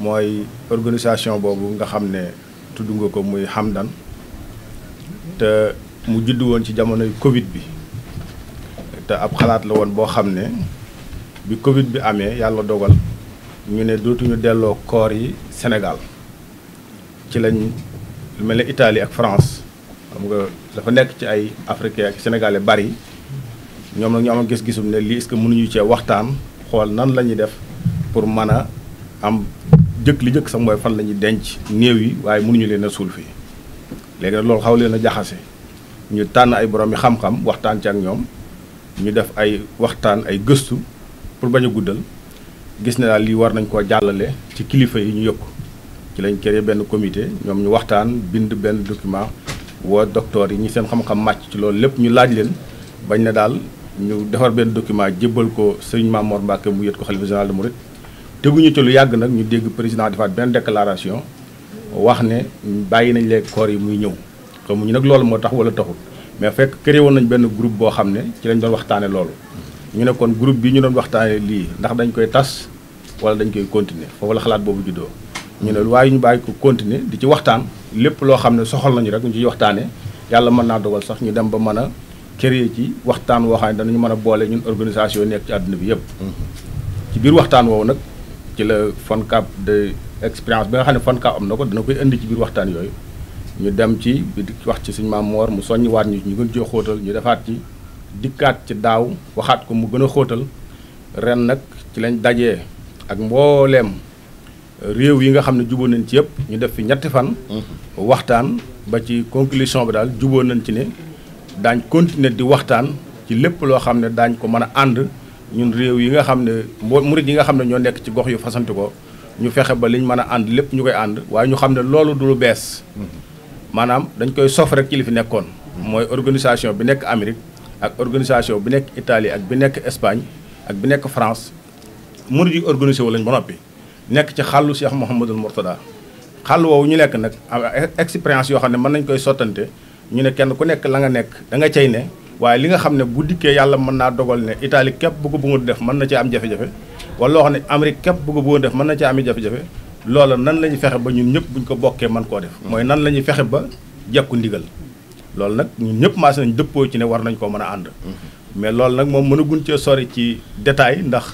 mooy organisation boobu nga xam ne tudd nga ko muy Hamdan te mu judd woon ci jamonoy Covid bi te ab xalaat la woon boo xam ne bi Covid bi amee yàlla dogal ñu ne dootuñu delloo koor yi Sénégal ci lañ lu mel ne Italie ak France xam dafa nekk ci ay africain ak sénégalais bari ñoom nag ñu am gis-gisum ne lii est-ce que mënuñu cee waxtaan xool nan la ñuy def pour mën a am. jëkk li jëkk sax mooy fan la ñuy denc néew yi waaye mënuñu leen a suul fii léegi nag loolu xaw leen a jaxase ñu tànn ay borom yi xam-xam waxtaan ci ak ñoom ñu def ay waxtaan ay gëstu pour bañ a guddal gis ne daal lii war nañ koo jàllale ci kilifa yi ñu yëkk ci lañ créé benn comité ñoom ñu waxtaan bind benn document woo docteur yi ñu seen xam-xam màcc ci loolu lépp ñu laaj leen bañ na daal ñu defar benn document jébbal ko sëriñ Mamour Mbacke mu yët ko xalifa général de Mouride ñu ci lu yàgg nag ñu dégg président defaat benn déclaration wax ne bàyyi nañ leen koor yi muy ñëw ñu nag loolu moo tax wala taxul mais fekk créé woon nañ benn groupe boo xam ne ci lañ doon waxtaane loolu ñu ne kon groupe bi ñu doon waxtaane lii ndax dañ koy tas wala dañ koy continuer foofu la xalaat boobu juddoo ñu ne waaye ñu bàyyi ko continuer di ci waxtaan lépp loo xam ne soxal nañu rek ñu ciy waxtaane yàlla mën naa dogal sax ñu dem ba mën a créé ci waxtaan woo xam ne mën a boole ñun organisation nekk ci àdduna bi yëpp mm-hmm. biir waxtaan woowu nag ci la FONCAB de expérience bi nga xam ne FONCAB am na ko dana koy indi ci biir waxtaan yooyu ñu dem ci di wax ci suñu maam Moor mu soññiwaat ñu ñu gën cee xóotal ñu defaat ci dikkaat ci daaw waxaat ko mu gën a xóotal ren nag ci lañ dajee ak mbooleem réew yi nga xam ne juboo nañ ci yëpp ñu def fi ñetti fan mm-hmm. waxtaan ba ci conclusion bi daal juboo nañ ci ne daañ continuer di waxtaan ci lépp loo xam ne daañ ko mën a ànd ñun réew yi nga xam ne mbo murit yi nga xam ne ñoo nekk ci gox yu fasanti ko ñu fexe ba liñ mën a ànd lépp ñu koy ànd waaye ñu xam ne loolu du lu bees maanaam dañ koy sof rek ci li fi nekkoon mooy organisation bi nekk Amérique ak organisation bi nekk Italie ak bi nekk Espagne ak bi nekk France murid yi organisé wu lañ ba noppi nekk ci xàllu Cheikh Mouhamadul Mourtada xàll woowu ñu nekk nag am expérience yoo xam ne mën nañ koy sottante ñu ne kenn ku nekk la nga nekk da nga cay ne waaye li nga xam ne bu dikkee yàlla mën naa dogal ne itaali képp bu ko bëggoon def mën na cee am jafe-jafe wala loo xam ne Amérique képp bu ko bëggoon def mën na cee am jafe-jafe nan la ñuy fexe ba ñun ñëpp buñ ko bokkee mën koo def hmm. mooy nan la ñuy fexe ba jekku ndigal loolu nag ñun ñëpp maase nañ dëppoo ci ne war nañ koo mën a ànd hmm. mais loolu nag moom mën a gun cee sore ci détail ndax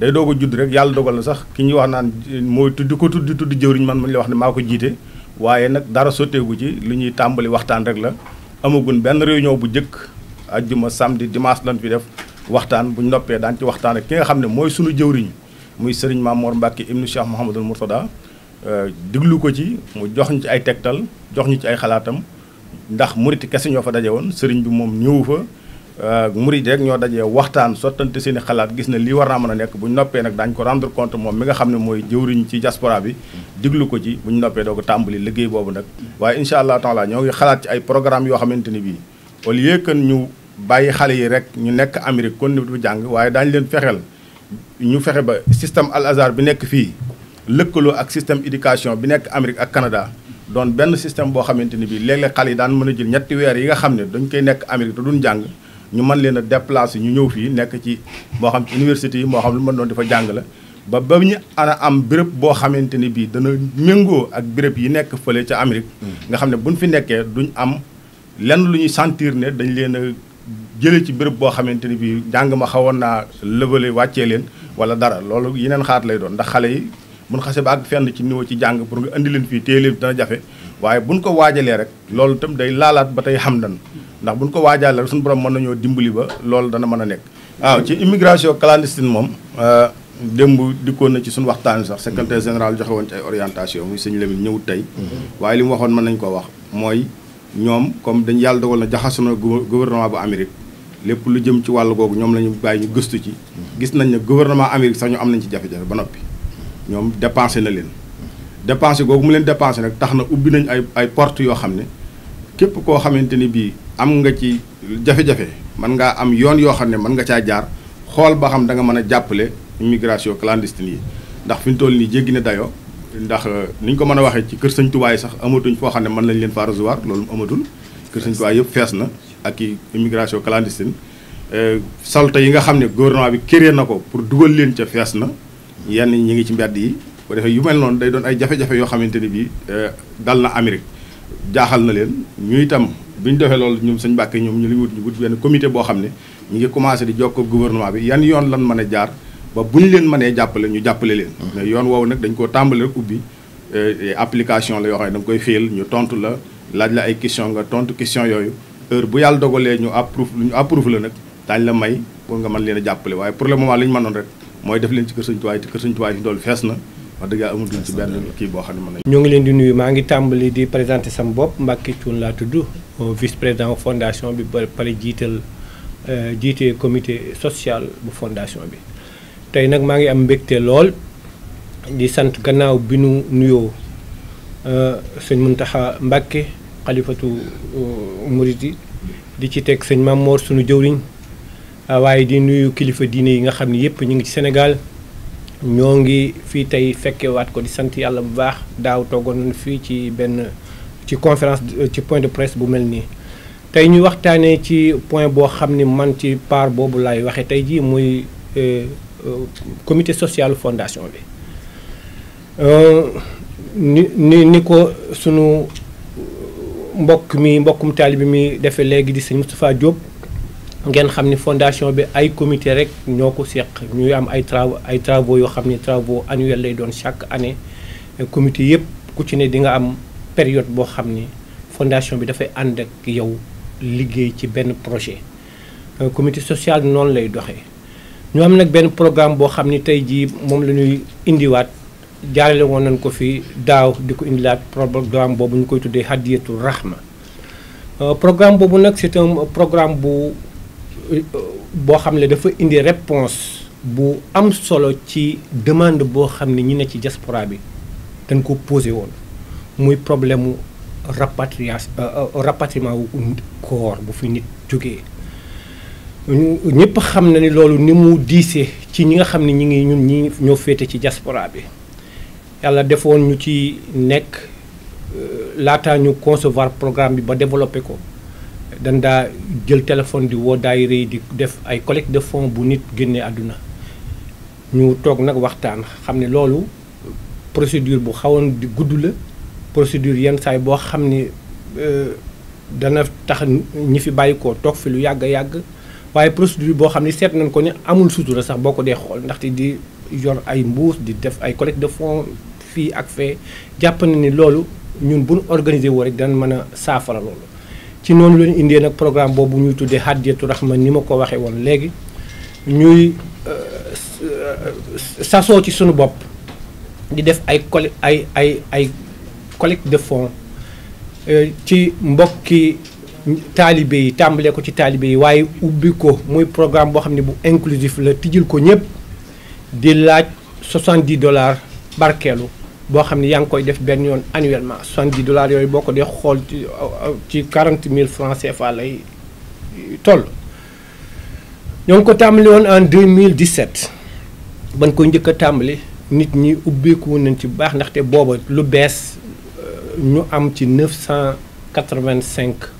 day doog a judd rek yàlla dogal na sax ki ñuy wax naan mooy tudd ko tudd tudd jëwriñ man ma la wax ne maa ko jiite waaye nag dara sotteegu ci li ñuy tàmbali waxtaan rek la amagun benn réunion bu jëkk ajjuma samedi dimanche lañ fi def waxtaan bu ñu noppee daan ci waxtaan ak ki nga xam ne mooy sunu jëwriñ muy sëriñ Mamour Mbacke ibnu Cheikh Mouhamadul Mourtada euh, diglu ko ci mu jox ñu ci ay tegtal jox ñu ci ay xalaatam ndax murit kese ñoo fa daje woon sëriñ bi moom ñëwu fa euh, murit rek ñoo dajee waxtaan sottante seen i xalaat gis na lii war naa mën a nekk bu ñu noppee nag daañu ko rendre compte moom mi nga xam ne mooy jëwriñ ci diaspora bi diglu ko ci bu ñu noppee doo ko tàmbali liggéey boobu nag waaye incha allah taala ñoo xalaat ci ay programme yoo xamante ni bii au lieu que ñu bàyyi xale yi rek ñu nekk Amérique kon bu jàng waaye daañu leen fexeel ñu fexe ba système Al azar bi nekk fii lëkkaloo ak système éducation bi nekk Amérique ak Canada doon benn système boo xamante ni bii léeg-léeg xale yi daan mën a jël ñetti weer yi nga xam ne dañ koy nekk Amérique te duñ jàng ñu mën leen a déplacer ñu ñëw fii nekk ci moo xam ci université yi moo xam lu mën doon dafa jàng la ba ba ñu ana am béréb boo xamante ni bii dana méngoo ak béréb yi nekk fële ca Amérique nga xam ne buñ fi nekkee duñ am lenn lu ñuy sentir ne dañ leen a jëlee ci béréb boo xamante ni bii jàng ma xawoon naa lëbale wàccee leen wala dara loolu yeneen xaat lay doon ndax xale yi mun xase ba ak fenn ci niveau ci jàng pour nga indi leen fii téye leen dana jafe waaye buñ ko waajalee rek loolu itam day laalaat ba tey xam nan ndax buñ ko waajalee rek suñu borom mën nañoo dimbali ba loolu dana mën a nekk. waaw ci immigration clandestine moom euh, démb dikkoon na ci suñu waxtaan sax secrétaire général joxe woon ci ay orientation muy sëñ tey mm-hmm. waaye li mu waxoon mën nañ koo wax mooy. ñoom comme dañ yàlla dogal na jaxasoo na gouvernement bu Amérique lépp lu jëm ci wàll googu ñoom la ñu bàyyi ñu gëstu ci gis nañ ne gouvernement Amérique sax ñu am nañ ci jafe-jafe ba noppi ñoom dépensé na leen dépensé googu mu leen dépensé nag tax na ubbi nañ ay ay porte yoo xam ne képp koo xamante ni bii am nga ci jafe-jafe mën ngaa am yoon yoo xam ne mën nga caa jaar xool ba xam da nga mën a jàppale immigration clandestine yi ndax fi ñu toll nii jéggi na dayoo ndax euh, ni ñu ko mën a waxee ci kër sëñ tubaay sax amatuñ foo xam ne mën lañ leen fa recevoir loolu amatul kër sëñ tubaay yëpp fees na ak i immigration clandestine euh, salte yi nga xam ne gouvernement bi créé na ko pour dugal leen ca fees na yenn ñi ngi ci mbedd yi bu defee yu mel noonu day doon ay jafe-jafe yoo xamante ni bii euh, dal na Amérique jaaxal na leen ñu itam bi ñu defee loolu ñoom sëñ Mbàkke ñoom ñu li wut ñu wut benn comité boo xam ne ñu ngi commencé di jokkoo gouvernement bi yan yoon lan mën a jaar ba bu ñu leen manee jàppale ñu jàppale leen. mais yoon woowu nag dañ koo tàmbali rek ubbi euh, application la yoo xam ne danga koy fiil ñu tontu la laaj la ay question nga tontu question yooyu heure bu yàlla dogalee ñu approuve ñu approuve la nag daañ la may pour nga mën leen a jàppale waaye pour le moment li ñu mënoon rek mooy def leen ci kër Sëñ Tuubaa te kër Sëñ Tuubaa yi dool fees na. wax dëgg yàlla amatuñ ci benn kii boo xam ne mën nañu. ñoo ngi leen di nuyu maa ngi tàmbali di présenté bopp Mbacke Thioune laa tudd vice président fondation bi ba pare jiital euh, jiite comité social bu fondation bi tey nag maa ngi am mbégte lool di sant gannaaw bi nu nuyoo euh, sëñ Muntaxa Mbàkke xalifatu euh, murit yi di ci teg sëñ Mamor suñu jëwriñ euh, waaye di nuyu kilifa diine yi nga xam ne yëpp ñu ngi ci senegal ñoo ngi fii tey fekkewaat ko di sant yàlla bu baax daaw toogoon fii ci benn ci conférence ci point de presse bu mel nii tey ñu waxtaanee ci point boo xam ni man ci part boobu laay waxee tey jii muy Euh, comité social fondation bi euh, ni ni ko sunu mbokk mi mbokkum taalibe mi defee léegi di sëñ Moustapha Diop ngeen xam ni fondation bi ay comité rek ñoo ko seq ñuy am ay travaux ay travaux yoo xam ni travaux annuel lay doon chaque année comité yëpp ku ci ne di nga am période boo xam ni fondation bi dafay ànd ak yow liggéey ci benn projet euh, comité social noonu lay doxee. ñoo am nag benn programme boo xam ni tey jii moom la ñuy indiwaat jaarale woon nañ ko fi daaw di ko indilaat programme boobu ñu koy tuddee hadiyatu rahma euh, programme boobu nag c'est un programme bu euh, boo xam ne dafa indi réponse bu am solo ci demande boo xam ne ñi ne ci diaspora bi dañ ko posé woon muy problème mu rapatriage euh, rapatriement koor bu fi nit jógee ñëpp xam na ni loolu ni mu diisee ci ñi nga xam ne ñi ngi ñun ñi ñoo féete ci jasporaa bi yàlla defoon ñu ci nekk euh, laataa ñu concevoir programme bi ba développé ko dañ daa jël téléphone di woo daay yi di def ay collecte de fonds bu nit génnee àdduna ñu toog nag waxtaan xam ne loolu procédure bu xawoon di gudd la procédure yenn saay boo xam ne euh, dana tax ñi fi bàyyi ko toog fi lu yàgg a yàgg waaye procédure boo xam ne seet nañ ko ne amul sutura sax boo ko dee xool ndaxte di yor ay mbuus di def ay collecte de fonds fii ak fee jàpp na ni loolu ñun bu ñu organiser woo rek dana mën a saafara loolu. ci noonu leen indee nag programme boobu ñuy tuddee Hadiyatu Rahma ni ma ko waxee woon léegi ñuy euh, sasoo ci suñu bopp di def ay col ay ay ay collecte de fonds euh, ci mbokki taalibe yi tàmbalee ko ci taalibe yi waaye ubbi ko muy programme boo xam ne bu inclusif la tijjil ko ñëpp di laaj di dollars barkeelu boo xam ne yaa ngi koy def benn yoon annuellement 70 dollars yooyu boo ko dee xool ci ci 40 000 francs CFA lay toll. ñoo ngi ko tàmbali woon en 2017 ban koy njëkk a tàmbali nit ñi ubbeeku nañ ci bu baax ndaxte booba lu bees euh, ñu am ci 985.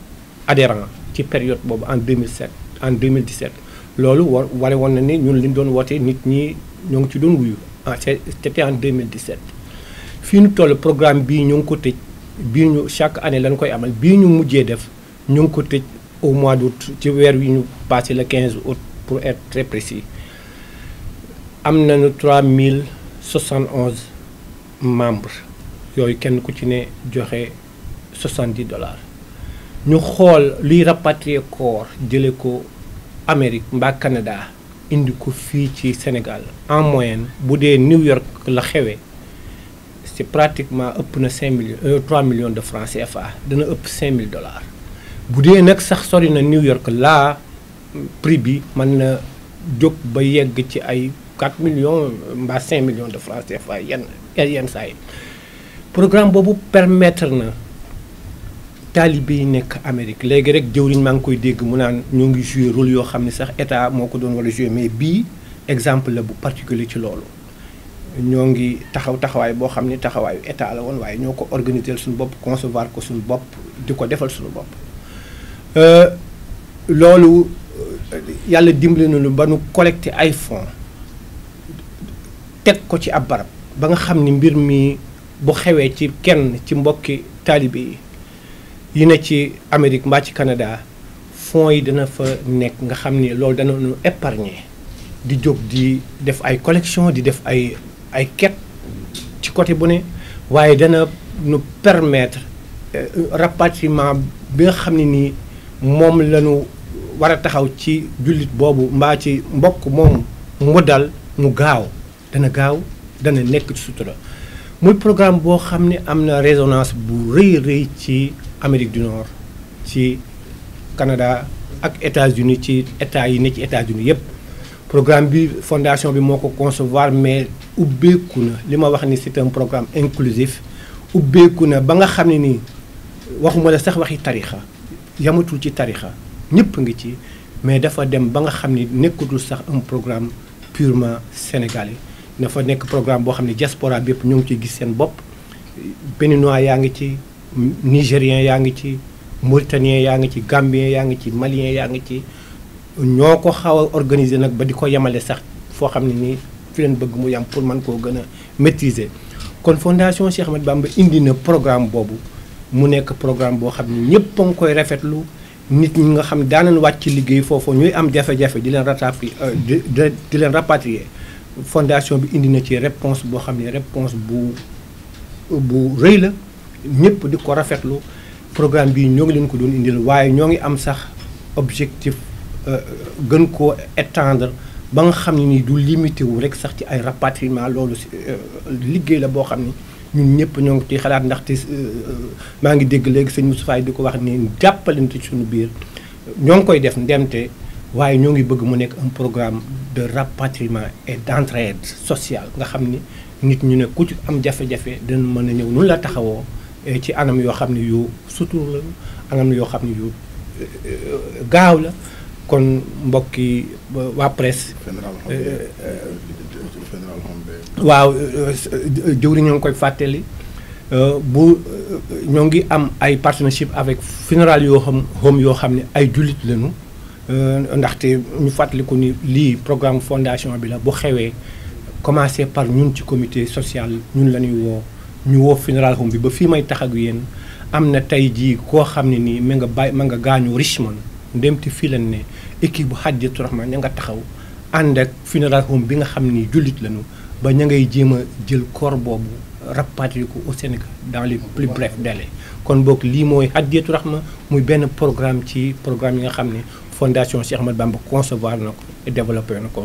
adhérents ci période boobu en 2007 en 2017 loolu war ware woon na ni ñun liñ doon wootee nit ñi ñoo ngi ci doon wuyu ah, c'était en 2017 fii ñu toll programme bii ñu ngi ko tëj bii ñu chaque année lañu koy amal bii ñu mujjee def ñu ngi ko tëj au mois d'août ci weer wi ñu passé le 15 août pour être très précis am nañu 3071 membres yooyu kenn ku ci ne joxe 70 dollars ñu xool luy rapatrier corps jële ko Amérique mbaa Canada indi ko fii ci Sénégal en moyenne bu dee New York la xewee c'est pratiquement ëpp na 5 millions 3 euh, millions de francs CFA dana ëpp 5000 dollars bu dee nag sax sori na New York prix bi mën na jóg ba yegg ci ay 4 millions mbaa 5 millions de francs CFA yenn yenn saa boobu permettre na. taalibe yi nekk Amérique léegi rek jëwriñ maa ngi koy dégg mu naan ñoo ngi joué rôle yoo xam ne sax état moo ko doon wala joué mais bii exemple la bu particulier ci loolu ñoo ngi taxaw taxawaay boo xam ne taxawaayu état la woon waaye ñoo ko organiser suñu bopp concevoir ko suñu bopp di ko defal suñu bopp euh, loolu euh, yàlla dimbali nañu ba nu collecté ay fonds teg ko ci ab barab ba nga xam ni mbir mi bu xewee ci kenn ci mbokki taalibe yi yi ne ci Amérique mbaa ci Canada fonds yi dana fa nekk nga xam ni loolu dana nu épargner di jóg di def ay collection di def ay ay quête ci côté bu ne waaye dana nu permettre euh, rapatriement bi nga xam ne nii moom la ñu war a taxaw ci jullit boobu mbaa ci mbokk moom mu dal mu gaaw dana gaaw dana nekk ci sutura muy programme boo xam ne am na résonance bu rëy rëy ci Amérique du Nord ci Canada ak États-Unis ci état yi ne ci États-Unis yépp programme bi fondation bi moo ko concevoir mais ubbeeku na li ma wax ni c'est un programme inclusif ubbeeku na ba nga xam ne nii waxuma la sax waxi tarixa yamatul ci tarixa ñëpp ngi ci mais dafa dem ba nga xam ni nekkatul sax un programme purement sénégalais fa nekk programme boo xam ne diaspora bi yëpp ñoo ngi ciy gis seen bopp béninois yaa ngi ci nigérien yaa ngi ci mauritanien yaa ngi ci gambien yaa ngi ci malien yaa ngi ci ñoo ko xaw organiser nag ba di ko yemale sax foo xam ne nii fi leen bëgg mu yam pour man koo gën a maîtriser kon fondation Cheikh am Bamba indi na programme boobu mu nekk programme boo xam ne ñëpp a ngi koy rafetlu nit ñi nga xam daanañ wàcc ci liggéey foofu ñuy am jafe-jafe di leen rattrapé euh, rapatrier fondation bi indi na ci réponse boo xam ne réponse bu bu rëy la ñëpp di ko rafetlu programme bii ñoo ngi leen ko doon indil waaye ñoo ngi am sax objectif euh, gën koo étendre ba nga xam ne nii du limité wu rek sax ci ay rapatriement loolu euh, liggéey la boo xam ne ñun ñëpp ñoo ngi ciy xalaat ndaxte euh, maa ngi dégg léegi sëñ Moustapha di ko wax ne ci suñu biir ñoo ngi koy def ndemte waaye ñoo ngi bëgg mu nekk un programme de rapatriement et d'entraide sociale nga xam ni nit ñu ne ku ci am jafe-jafe dina mën a ñëw nunu la taxawoo Eh, ci anam yoo xam ne yu sutur la anam yoo xam ni yu eh, gaaw la kon mbokki waa presse eh, waaw jëwri ñoo ngi koy fàttali bu ñoo ngi am ay partnership avec funéral yoo xam home yoo xam ne ay jullit lañu ndaxte ñu fàttaliku ni lii programme fondation bi la bu xewee commencé par ñun ci comité social ñun lañuy woo ñu woo funeral home bi ba fii may tax ak yéen am na tey jii koo xam ne nii ma nga bàyyi ma nga gaañu Richmond ndem te fii lañ ne équipe bu Hadjatu Rahman ña nga taxaw ànd ak funeral home bi nga xam ni jullit lañu ba ña ngay jéem a jël corps boobu rapatrier ko au Sénégal dans les plus brefs délais kon boog lii mooy Hadjatu Rahma muy benn programme ci programme yi nga xam ne fondation Cheikh Ahmadou Bamba concevoir na ko et développé na ko